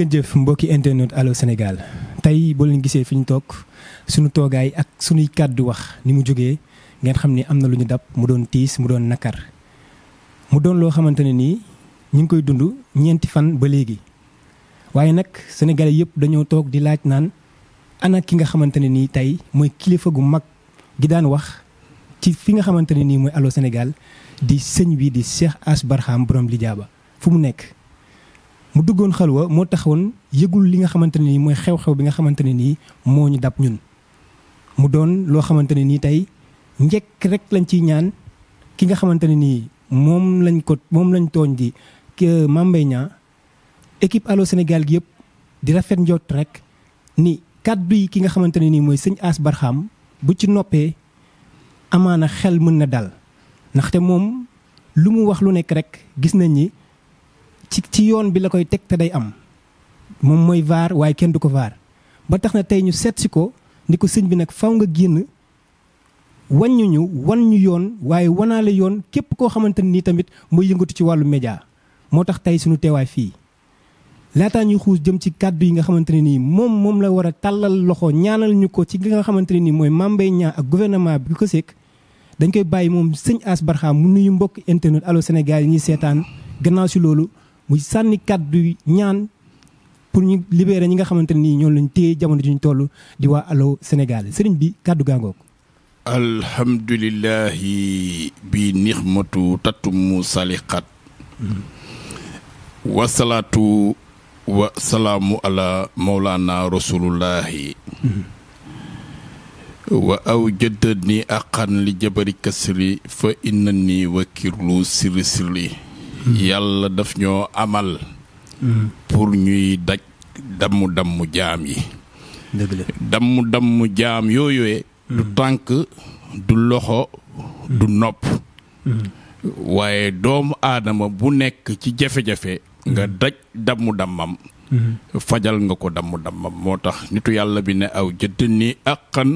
ngeen jëf mbokki internet aloo Sénégal tey boo leen gisee fi ñu toog suñu toogaay ak suñuy kàddu wax ni mu jógee ngeen xam ni am na lu ñu dab mu doon tiis mu doon nakar mu doon loo xamante ne nii ñu ngi koy dund ñeenti fan ba léegi. waaye nag sénégalais yëpp dañoo toog di laaj naan ana ki nga xamante ne nii tey mooy kilifa gu mag gi daan wax ci fi nga xamante ne nii mooy Allô Sénégal di sëñ bi di Cheikh Ass Barham borom Lijaaba fu mu nekk. mu duggoon xel wa moo taxawoon yëgul li nga xamante ne nii mooy xew-xew bi nga xamante ne nii moo ñu dab ñun mu doon loo xamante ne nii tey njëkk rek lañ ciy ñaan ki nga xamante ne nii moom lañ ko moom lañ tooñ di euh, Mame Mbaye Niang équipe Allô Sénégal gi yëpp di rafet njot rek ni kàddu yi ki nga xamante ne nii mooy sëñ Ass Barham bu ci noppee amaana xel mën na dal ndaxte moom lu mu wax lu nekk rek gis nañ ni ci ci yoon bi la koy teg te day am moom mooy vaar waaye kenn du ko vaar ba tax na tey ñu seet si ko ni ko sëñ bi nag faw nga génn waññu wan ñu yoon waaye wanaale yoon képp koo xamante ni tamit mooy yëngatu ci wàllu média moo tax tey suñu teewaay fii laataa ñuy xuus jëm ci kàddu yi nga xamante ne nii moom moom la war a tàllal loxo ñaanal ñu ko ci li nga xamante ne nii mooy Mame Mbaye Niang ak gouvernement bi ko sekk dañ koy bàyyi moom sëñ as Barkham mu nuyu mbokk internet Allô Sénégal yi ñuy seetaan si loolu muy sànni kàddu ñaan pour ñu libérer ñi nga xamante nii ñoom lañ téye jamono ji ñu toll di waa Allô Sénégal sëriñ bi kàddu gaangook alhamdulillahi bi nixmatu tattumu salixat hmm. wasalaatu wa salaamu ala mawlana hmm. wa aw jëddani aqan li jabari kasri fa inna ni wakirlu sirri sirri yàlla daf ñoo amal hmm. pour ñuy daj damm damm jaam yi damm damm jaam yooyu hmm. du tànk du loxo hmm. du nopp waaye doomu aadama bu nekk ci jafe-jafe nga daj damm dammam fajal nga ko damm-dammam moo tax nitu yàlla bi ne aw jëdd ni àqan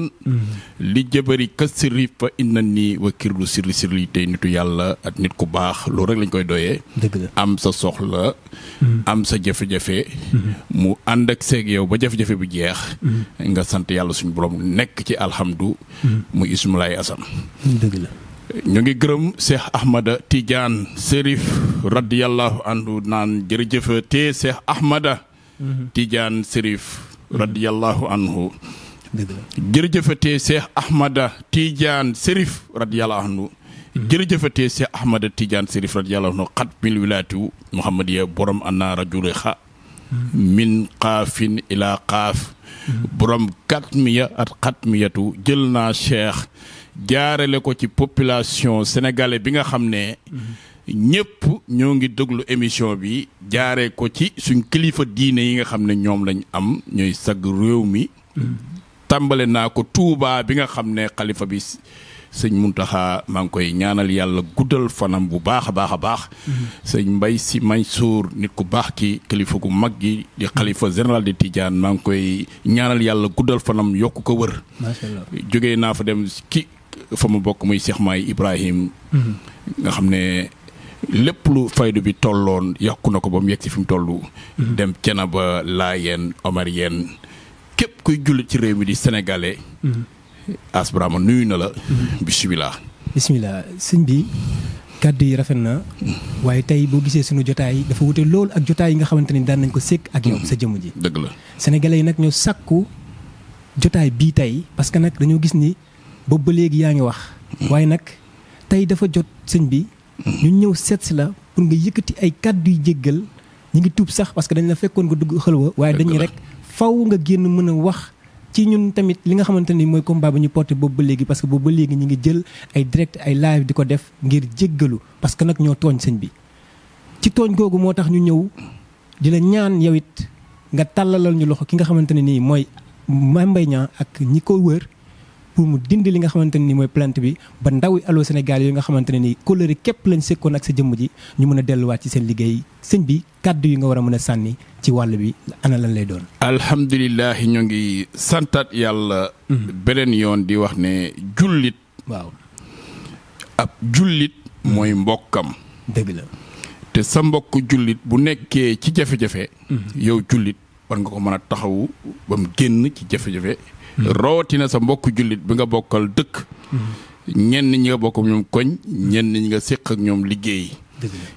li jëbëri kasiri fa na nii wa kirlu sirli sirli tey nitu yàlla ak nit ku baax loolu rek lañ koy doyee am sa soxla am sa jafe-jafe mu ànd ak seeg yow ba jafe-jafe bi jeex nga sant yàlla suñu borom nekk ci alxamdu mu ismulaay asam ñu ngi gërëm Cheikh Ahmada tiijaan Serif radiyallahu anhu naan jërëjëfatee Cheikh Ahmada Tidiane Serif radiyallahu anhu jërëjëfatee mhm. mhm. Cheikh Ahmada Tidiane Serif radiyallahu anhu mhm. jërëjëfatee Cheikh Ahmada Tidiane Serif radiyallahu xat mil wilaatu Muhammadiya borom anna rajuli xa min xaafin ilaa xaaf borom kat miya xat miyatu jël naa cheikh jaarale ko ci population sénégalais bi nga xam ne ñëpp ñoo ngi déglu émission bi jaaree ko ci suñ kilifa diine yi nga xam ne ñoom lañ am ñooy sagg réew mi tàmbale naa ko Touba bi nga xam ne xalifa bi sëñ Muntaxa maa ngi koy ñaanal yàlla guddal fanam bu baax a baax a baax sëñ Mbay Si Mansuur nit ku baax ki kilifa gu mag gi di xalifa général de Tidiane maa ngi koy ñaanal yàlla guddal fanam yokk ko wër jógee naa fa dem ki fa mu bokk muy Cheikh Maay Ibrahim nga xam ne lépp lu faydu bi tolloon yokku na ko ba mu yegg si fi mu toll dem cena ba laayeen omariyeen képp kuy jullit ci réew mi di sénégalais Ass Barhama nuyu na la bisimilah bisimilah sëñ bi kàddu yi rafet na waaye tey boo gisee suñu jotaay dafa wute loolu ak jotaay yi nga xamante ni daan nañ ko sékk ak yow sa jëmm ji dëgg la sénégalais yi nag ñoo sàkku jotaay bii tey parce nag dañoo gis ni ba ba léegi yaa ngi wax. Mm-hmm. waaye nag tey dafa jot sëñ bi. Mm-hmm. ñu ñëw seet si la pour nga yëkkati ay kàddu yu jéggal ñu ngi tuub sax parce que dañ la fekkoon nga dugg xëlwa waaye dañuy rek faw nga génn mën a wax. ci ñun tamit li nga xamante ni mooy combat bi ñu porté boobu ba léegi parce que boobu ba léegi ñu ngi jël ay direct ay live di ko def ngir jéggalu parce que nag ñoo tooñ sëñ bi ci tooñ googu moo tax ñu ñëw di ñaan yow it nga tàllalal ñu loxo ki nga xamante ne nii mooy Mame Mbaye ak ñi ko wër pour mu dindi li nga xamante ni nii mooy plainte bi ba ndawi Allô Sénégal yi nga xamante ne nii kóllëre képp lañ sekkoon ak sa jëmm ji ñu mën a delluwaat ci seen liggéey sëñ bi kàddu yi nga war a mën a sànni ci wàll bi ana lan lay doon. alhamdulilah ñu ngi santaat yàlla. Hmm. beneen yoon di wax ne jullit. waaw ab jullit. Hmm. mooy mbokkam. dëgg la. te sa mbokk jullit bu nekkee ci jafe-jafe. Hmm. yow jullit war nga ko mën a taxawu ba mu génn ci jafe-jafe. rawatina sa mbokk jullit bi nga bokkal dëkk ñenn ñi nga bokk ñoom koñ ñenn ñi nga séq ak ñoom liggéey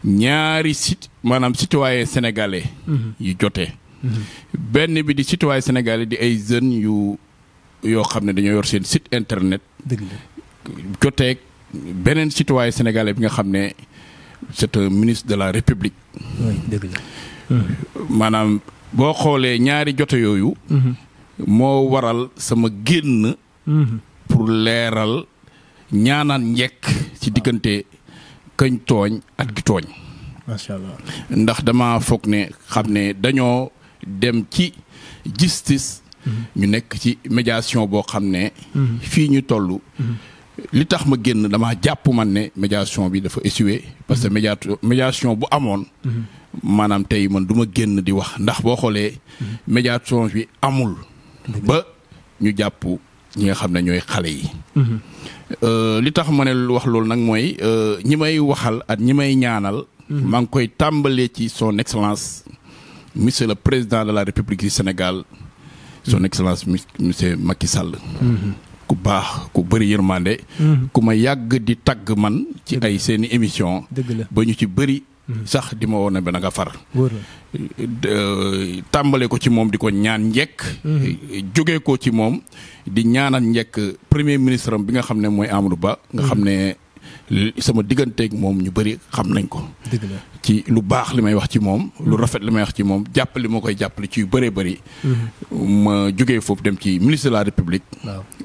ñaari sit maanaam citoyen sénégalais yu jotee benn bi di citoyen sénégalais di ay jeunes yu yoo xam ne dañoo yor seen sit internet joteeg beneen citoyen sénégalais bi nga xam ne c'est ministre de la république maanaam boo xoolee ñaari jote yooyu mm-hmm. moo waral sama génn mhm. pour leeral ñaanaan njekk ci diggante kañ tooñ ak tooñ macha allah ndax dama foog ne xam ne dañoo dem ci justice mhm. ñu nekk ci médiation boo xam ne mhm. fii ñu toll li tax ma génn dama jàpp man ne médiation bi dafa échoué parce que média médiation bu amoon maanaam tey man duma génn di wax ndax boo xoolee médiation bi amul ba ñu jàpp ñi nga xam ne ñooy xale yi. Mhm. Euh, li tax ma ne wax loolu nag mooy euh, ñi may waxal ak ñi may ñaanal. Mhm. maa ngi koy tàmbalee ci son excellence monsieur le président de la république du Sénégal. Mhm. son excellence monsieur Macky Sall. ku baax ku bëri yërmande. ku ma yàgg di tagg man. ci ay seeni émission ba ñu ci bëri. sax di ma woon ne ba na nga far. tàmbale ko ci moom di ko ñaan njekk. Mhm. jóge ko ci moom di ñaanal njekk premier ministre am bi nga xam ne mooy Amadou Ba. nga mhm. xam ne. sama digganteeg moom ñu bëri xam nañ ko. ci lu baax li may wax ci moom. lu mm-hmm. rafet li may wax ci moom jàppale ma koy jàppale ci yu bëree bari mm-hmm. ma jógee foofu dem ci ministre de la république.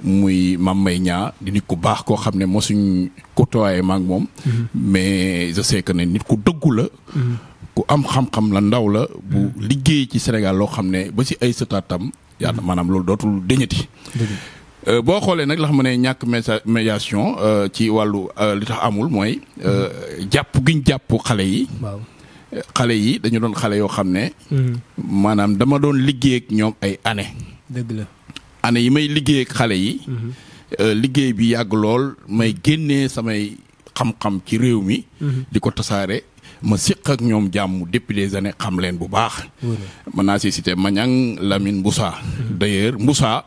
muy Mame Mbaye Niang di nit ku baax koo xam ne mosuñ côtoyé ma ak moom. Mm-hmm. mais je sais que ne nit ku dëggu la. ku am xam-xam la ndaw la. bu liggéey ci Sénégal loo xam ne ba si ay sëtaatam. yaa maanaam loolu dootul dëñati. Euh, boo xoolee nag la ma ne ñàkk médiation euh, ci wàllu euh, li tax amul mooy mm-hmm. jàpp giñ jàpp xale yi. xale yi dañu doon xale yoo xam ne. Mm-hmm. maanaam dama doon liggéey ak ñoom ay année dëgg la année yi may liggéeyak xale yi. Mm-hmm. liggéey bi yàgg lool may génnee samay xam-xam ci réew mi. di ko tasaare. ma siq ak ñoom jàmm depuis des années xam leen bu baax. mën naa si citer Mañang Lamine Moussa. d'ailleurs Moussa.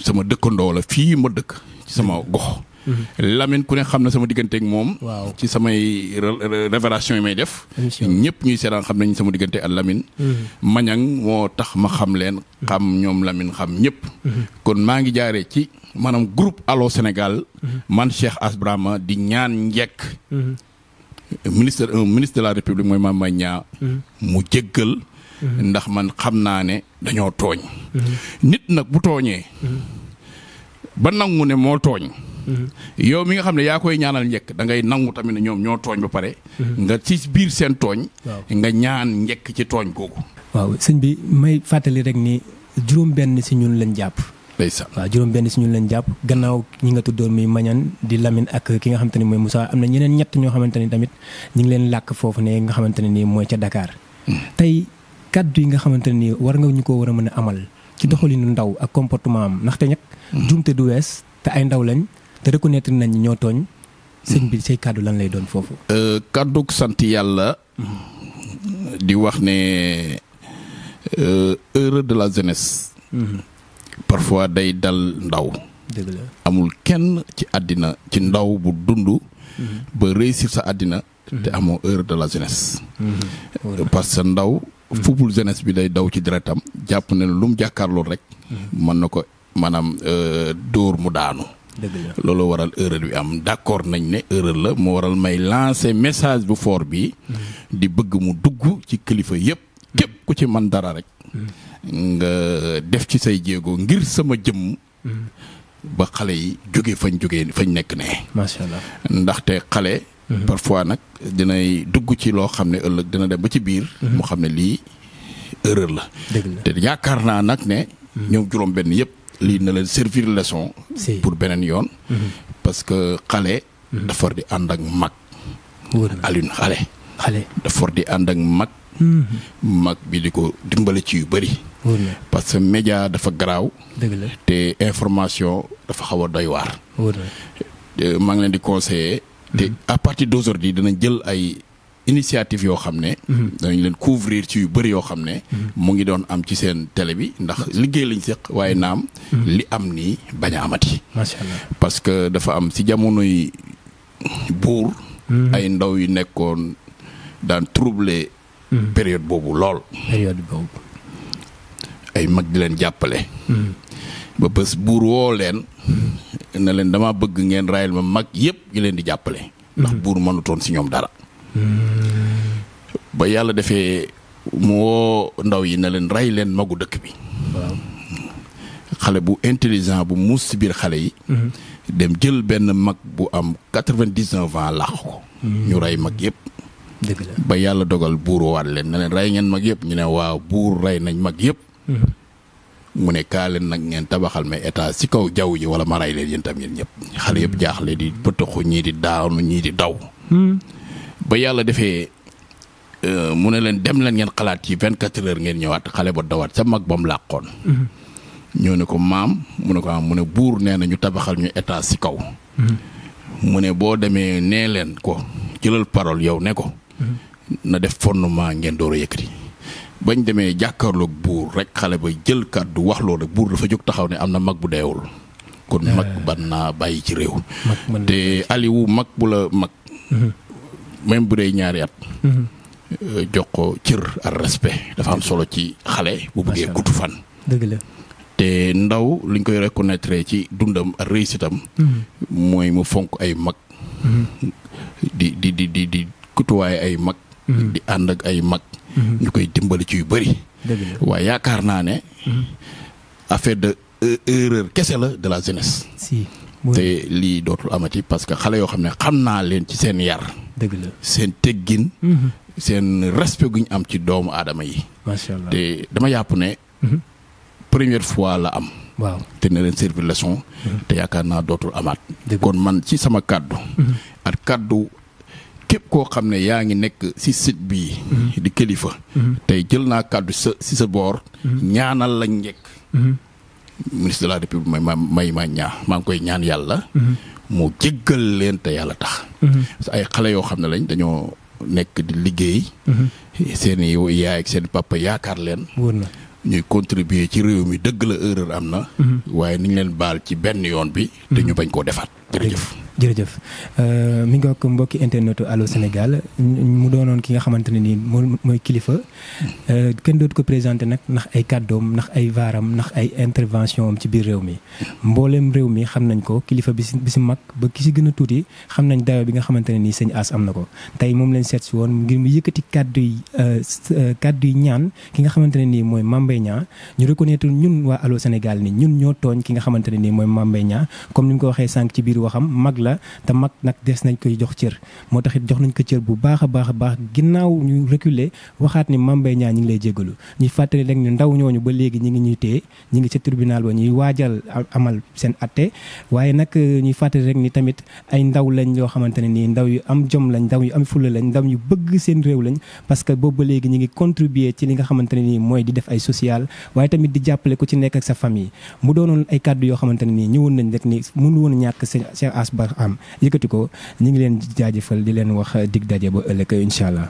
sama dëkkandoo la fii ma dëkk ci sama gox. lamin ku ne xam na sama digganteeg moom. waaw ci samay révélation yi may def. ñëpp ñuy seetaan xam nañ sama diggante ak Lamine. Mm-hmm. Mañang moo tax ma xam leen. Mm-hmm. xam ñoom lamin xam ñëpp. Mm-hmm. kon maa ngi jaaree ci maanaam groupe Allô Sénégal. man Cheikh Ass di ñaan njekk ministre ministre la République mooy Mame Mbaye Niang mu jéggal. Mm-hmm. ndax man xam naa ne dañoo tooñ. Mm-hmm. nit nag bu tooñee. Mm-hmm. ba nangu ne moo tooñ. yow mi nga xam ne yaa koy ñaanal njëkk da ngay nangu tamit ñoom ñoo tooñ ba pare. nga ci biir seen tooñ. nga ñaan njëkk ci tooñ googu. waaw sëñ bi may fàttali rek ni juróom benn si ñun lañ jàpp. juróom benn si ñun lañ jàpp gannaaw ñi nga tuddoon muy Mañan di Lamine ak ki nga xamante ne mooy Moussa am na ñeneen ñett ñoo xamante ni tamit ñu ngi leen làkk foofu ne nga xamante ne nii mooy ca dakaar mm. kàddu yi nga xamante ni nii war nga ñu ko war a mën a amal ci doxalinu ndaw ak comportement am ndaxte ñag mhm. jumte du wees te ay ndaw lañ te reconnaître nañ ñoo tooñ sëñ bi mhm. say kàddu lan lay doon foofu euh, kàdduk sant yàlla mhm. di wax ne euh, heure de la jeunesse parfois day dal ndaw amul kenn ci àddina ci ndaw bu dund ba réussir sa àddina te amoo heure de la jeunesse parce que ndaw Hmm. football jeunesse bi day daw ci deretam jàpp na lu mu jàkkaarloo rek. Hmm. mën na ko maanaam euh, dóor mu daanu. loolu waral erreur bi am d' accord nañ ne erreur la moo waral may lancé message bu foor bi hmm. di bëgg mu dugg ci kilifa yëpp. képp ku ci man dara rek. nga def ci say jéego ngir sama jëm ba xale yi jóge fañ jóge fañ nekk ne. macha allah ndaxte xale. Mhm. parfois nag dinay dugg ci loo xam ne ëllëg dina dem ba ci biir. Mhm. mu xam ne lii erreur la. te yaakaar naa nag ne. Mhm. ñoom juróom-benn yëpp lii na leen servir leçon. pour beneen yoon. parce que xale. dafa di ànd ak mag. Alioune xale. xale dafa di ànd ak mag. mag bi di ko dimbali ci yu bëri. parce que média dafa garaaw. te information dafa xaw a doy waar. leen di conseiller. te mm-hmm. à partir d'aujourd'hui dinañ jël ay initiative yoo xam ne. Mm-hmm. danañ leen couvrir ci yu bëri yoo xam ne. Mm-hmm. mu ngi doon am ci seen télé bi ndax liggéey lañ seq waaye naam. li am nii bañ a amati. macha allah parce que dafa am si jamono yi buur. ay ndaw yu nekkoon daan troubler. période boobu lool. période ay mag di leen jàppale. ba bés buur woo leen. na leen damaa bëgg ngeen rayal ma mag yëpp ñu leen di jàppale. ndax mhm. buur mënutoon si ñoom dara. ba yàlla defee mu ndaw yi na leen ray leen magu dëkk bi. xale bu intelligent bu muus si biir xale yi. Mhm. dem jël benn mag bu am quatre-vingt-dix-neuf ans ko. Mhm. ñu rey mag yëpp. ba yàlla dogal buur waat leen na leen rey ngeen mag yëpp ñu ne waaw buur rey nañ mag yëpp. mu ne kaa leen nag ngeen tabaxal ma état si kaw jaww ji wala ma rey leen yéen tam yéen ñëpp xale yëpp jaaxle di pëtëxu ñii di daanu ñii di daw. Hmm. ba yàlla defee euh, mu ne leen dem leen ngeen xalaat ci vingt quatre heures ngeen ñëwaat xale ba dawaat sa mag ba mu ñoo ne ko maam mu ne ko am ah, mu ne buur nee na ñu tabaxal ñu état si kaw. Hmm. mu ne boo demee nee leen ko jëlal parole yow ne ko. Hmm. na def fondement ngeen door a yëkkati. bañ demee jàkkaarloog buur rek xale ba jël kàddu wax loolu rek buur dafa jóg taxaw ne am na mag bu deewul kon eh. mag ban naa bàyyi ci réew te Aliou mag bu la mag mm-hmm. même bu dee ñaari at mm-hmm. euh, jox ko cër ak respect dafa am solo ci xale bu bëggee gudd fan dëgg te ndaw liñ koy reconnaître ci dundam ak réussitam mm-hmm. mooy mu fonk ay mag di di di di di kutuwaay ay mag di ànd ak ay mag ñu koy dimbali ci yu bëri. waaye yaakaar naa ne. affaire de euh, erreur kese la de la jeunesse. si te lii dootul amat amati parce que xale yoo xam ne xam naa leen ci seen yar. dëgg seen teggin. Mm-hmm. seen respect gu ñu am ci doomu aadama yi. macha allah te dama yàpp ne. Mm-hmm. première fois la am. waaw te ne leen servir leçon. Mm-hmm. te yaakaar naa dootul amaat. kon man ci sama kàddu. ak kàddu koo xam ne yaa ngi nekk si site bii. Mhm. di kilifa. Mhm. tey jël naa kàddu sa si sa boor. Mhm. ñaanal lañ njëkk. ministre la république may ma may ma maa ngi koy ñaan yàlla. mu jéggal leen te yàlla tax. parce ay xale yoo xam ne lañ dañoo nekk di liggéey. seen i yaay ak seen papa yaakaar leen. ñuy contribuer ci réew mi dëgg la erreur am na. waaye niñ leen baal ci benn yoon bi. te ñu bañ koo defaat jërëjëf. jërëjëf euh, mi ngi ko mbokki internetu Allô Sénégal mu doonoon ki nga xamante ne nii moom mooy kilifa euh, kenn dootu ko présenté nag ndax ay kàddoom ndax ay vaaram ndax ay intervention ci biir réew mi mbooleem réew mi xam nañ ko kilifa bi si bi si mag ba ki si gën a tuuti xam nañ dayo bi nga xamante ne nii sëñ As am na tey moom lañ seet si woon ngir mu yëkkati kàddu yi euh, yi ñaan ki nga xamante ne nii mooy Mame Mbaye Niang ñu reconnaître ñun waa Allô Sénégal ni ñun ñoo tooñ ki nga xamante ne nii mooy Mame comme ni mu ko waxee sànq ci biir waxam mag la te mag nag des nañ koy jox cër moo tax it jox nañ ko cër bu baax a baax a baax ginnaaw ñu reculer waxaat ni Mame Mbaye ñu ngi lay jégalu ñuy fàttali rek ñu ndaw ñu ba léegi ñu ngi ñuy téye ñi ngi ca tribunal ba ñuy waajal amal seen atte waaye nag euh, ñuy fàttali rek ni tamit ay ndaw lañ yoo xamante ne nii ndaw yu am jom lañ ndaw yu am fulla lañ ndaw ñu bëgg seen réew lañ parce que boobu ba léegi ñi ngi contribuer ci li nga xamante ne nii mooy di def ay social waaye tamit di jàppale ku ci nekk ak sa famille mu yoo xamante ne nii ni mënu woon ñàkk Cheikh am yëkkati ko ñu ngi leen jaajëfal di leen wax dig daje ba ëllëg incha allah.